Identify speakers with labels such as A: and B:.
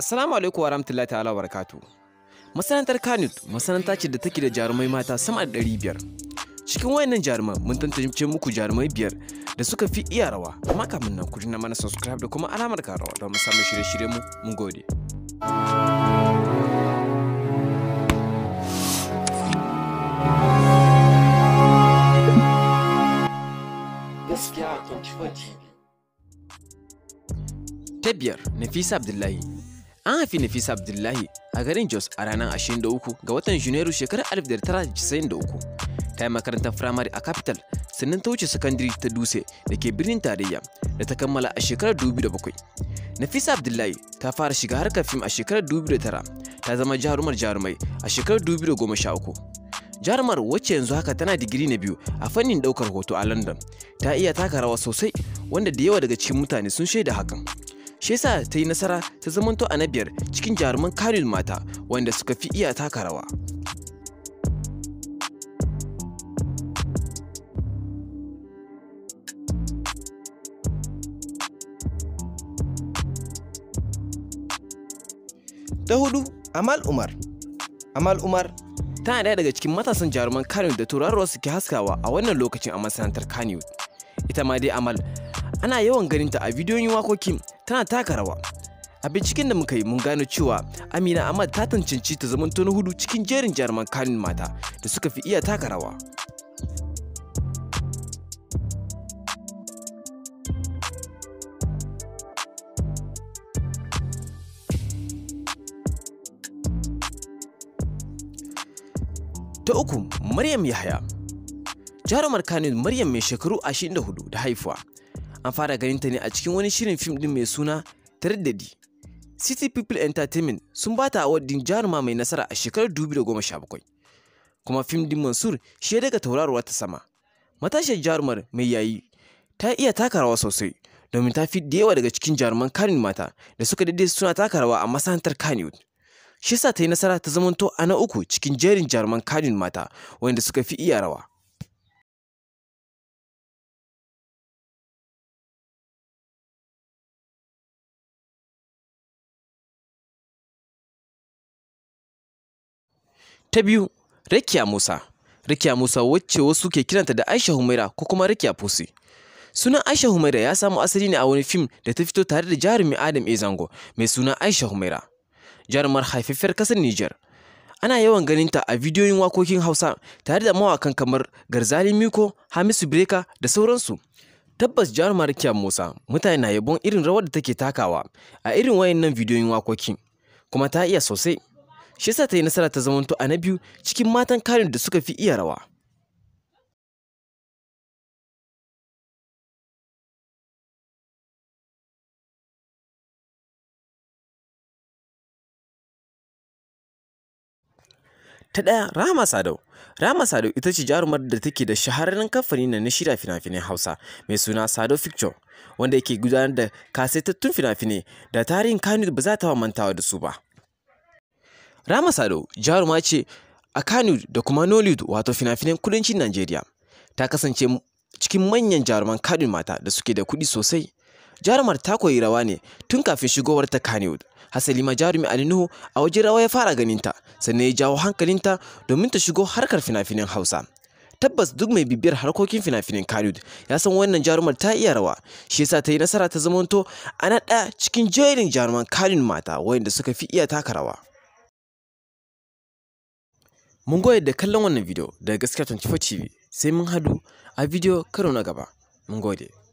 A: Assalamu alaikum wa rahmatullahi ta'ala wa barakatu. Masana'antar Kanut masana'anta ce da take da jarumai mata sama da ɗari biyar. Cikin wayannan jaruman mun tantance muku jarumai biyar da suka fi iya rawa amma kamin nan ku na mana subscribe da kuma alamar karawa don mu samu shirye shirye mu mun gode. Ta biyar Nafisa Abdullahi An hafi Nafisa Abdullahi a garin Jos a ranar 23 ga watan Junairu shekarar 1993. Ta yi makarantar firamare a Capital sannan ta wuce sakandare ta Dutse da ke birnin tarayya da ta kammala a shekarar 2007. Nafisa Abdullahi ta fara shiga harkar fim a shekarar 2009 ta zama jarumar jarumai a shekarar 2013. jarumar wacce yanzu haka tana digiri na biyu a fannin ɗaukar hoto a london ta iya taka rawa sosai wanda da yawa daga cikin mutane sun shaida hakan shi yasa ta yi nasara ta zamanto a na biyar cikin jaruman kanun mata wanda suka fi iya taka rawa ta hudu amal umar amal umar tana daya daga cikin matasan jaruman Kano da turarwa suke haskawa a wannan lokacin a masana'antar Kano. ita ma dai amal ana yawan ganinta ta a bidiyoyin wakokin. tana taka rawa a binciken da muka yi mun gano cewa amina ahmad ta tancanci ta zaman na hudu cikin jerin jaruman kanin mata da suka fi iya taka rawa Ta uku, Maryam Yahaya. Jarumar Kano Maryam mai shekaru 24 da haifuwa an fara ganin ta ne a cikin wani shirin fim din mai suna Taraddadi. City People Entertainment sun ba ta awadin jaruma mai nasara a shekarar 2017. Kuma fim din Mansur shi ya daga taurarwa ta sama. Matashiyar jarumar mai yayi ta iya taka rawa sosai domin ta fi da yawa daga cikin jaruman kanin mata da suka daidai suna taka rawa a masana'antar Kanin. Shi yasa ta yi nasara ta zamanto a na uku cikin jerin jaruman
B: kanin mata wanda suka fi iya rawa. Ta biyu,
A: Rakiya Musa. Rakiya Musa wacce wasu ke kiranta da Aisha Humaira ko kuma Rakiya Pusi. Sunan Aisha Humaira ya samu asali ne a wani fim da ta fito tare da jarumi Adam Ezango mai suna Aisha Humaira. Jarumar haifaffiyar kasar Nijar. Ana yawan ganinta a bidiyoyin wakokin Hausa tare da mawakan kamar Garzali Miko, Hamisu Breka da sauransu. Tabbas jarumar Rakiya Musa mutane na yabon irin rawar da take takawa a irin wayannan bidiyoyin wakokin kuma ta iya sosai. Shisa ta yi nasara ta zamanto a na biyu cikin matan
B: karin da suka fi iya rawa Ta ɗaya Rahama
A: Sadau. Rahama Sadau ita ce jarumar da take da shahararren kamfani na na shirya fina-finai Hausa mai suna Sadau Picture wanda yake gudanar da kasaitattun fina-finai da tarihin Kano ba za ta mantawa da su ba. Rama Sado jaruma ce a Kano da kuma Nollywood wato finafinan kudancin Najeriya. Ta kasance cikin manyan jaruman Kano mata da suke da kuɗi sosai. Jarumar ta koyi rawa ne tun kafin shigowar ta Kano. Hasali ma jarumi Ali Nuhu a wajen rawa ya fara ganinta sannan ya jawo hankalinta domin ta shigo harkar finafinan Hausa. tabbas duk mai bibiyar harkokin finafinan Kano ya san wannan jarumar ta iya rawa shi yasa ta yi nasara ta zamanto a ɗaya cikin jerin jaruman kadin mata wayanda suka fi iya taka rawa Mun goya da
B: kallon wannan video daga gaskiya 24 TV sai mun hadu a video karo na gaba. Mun gode.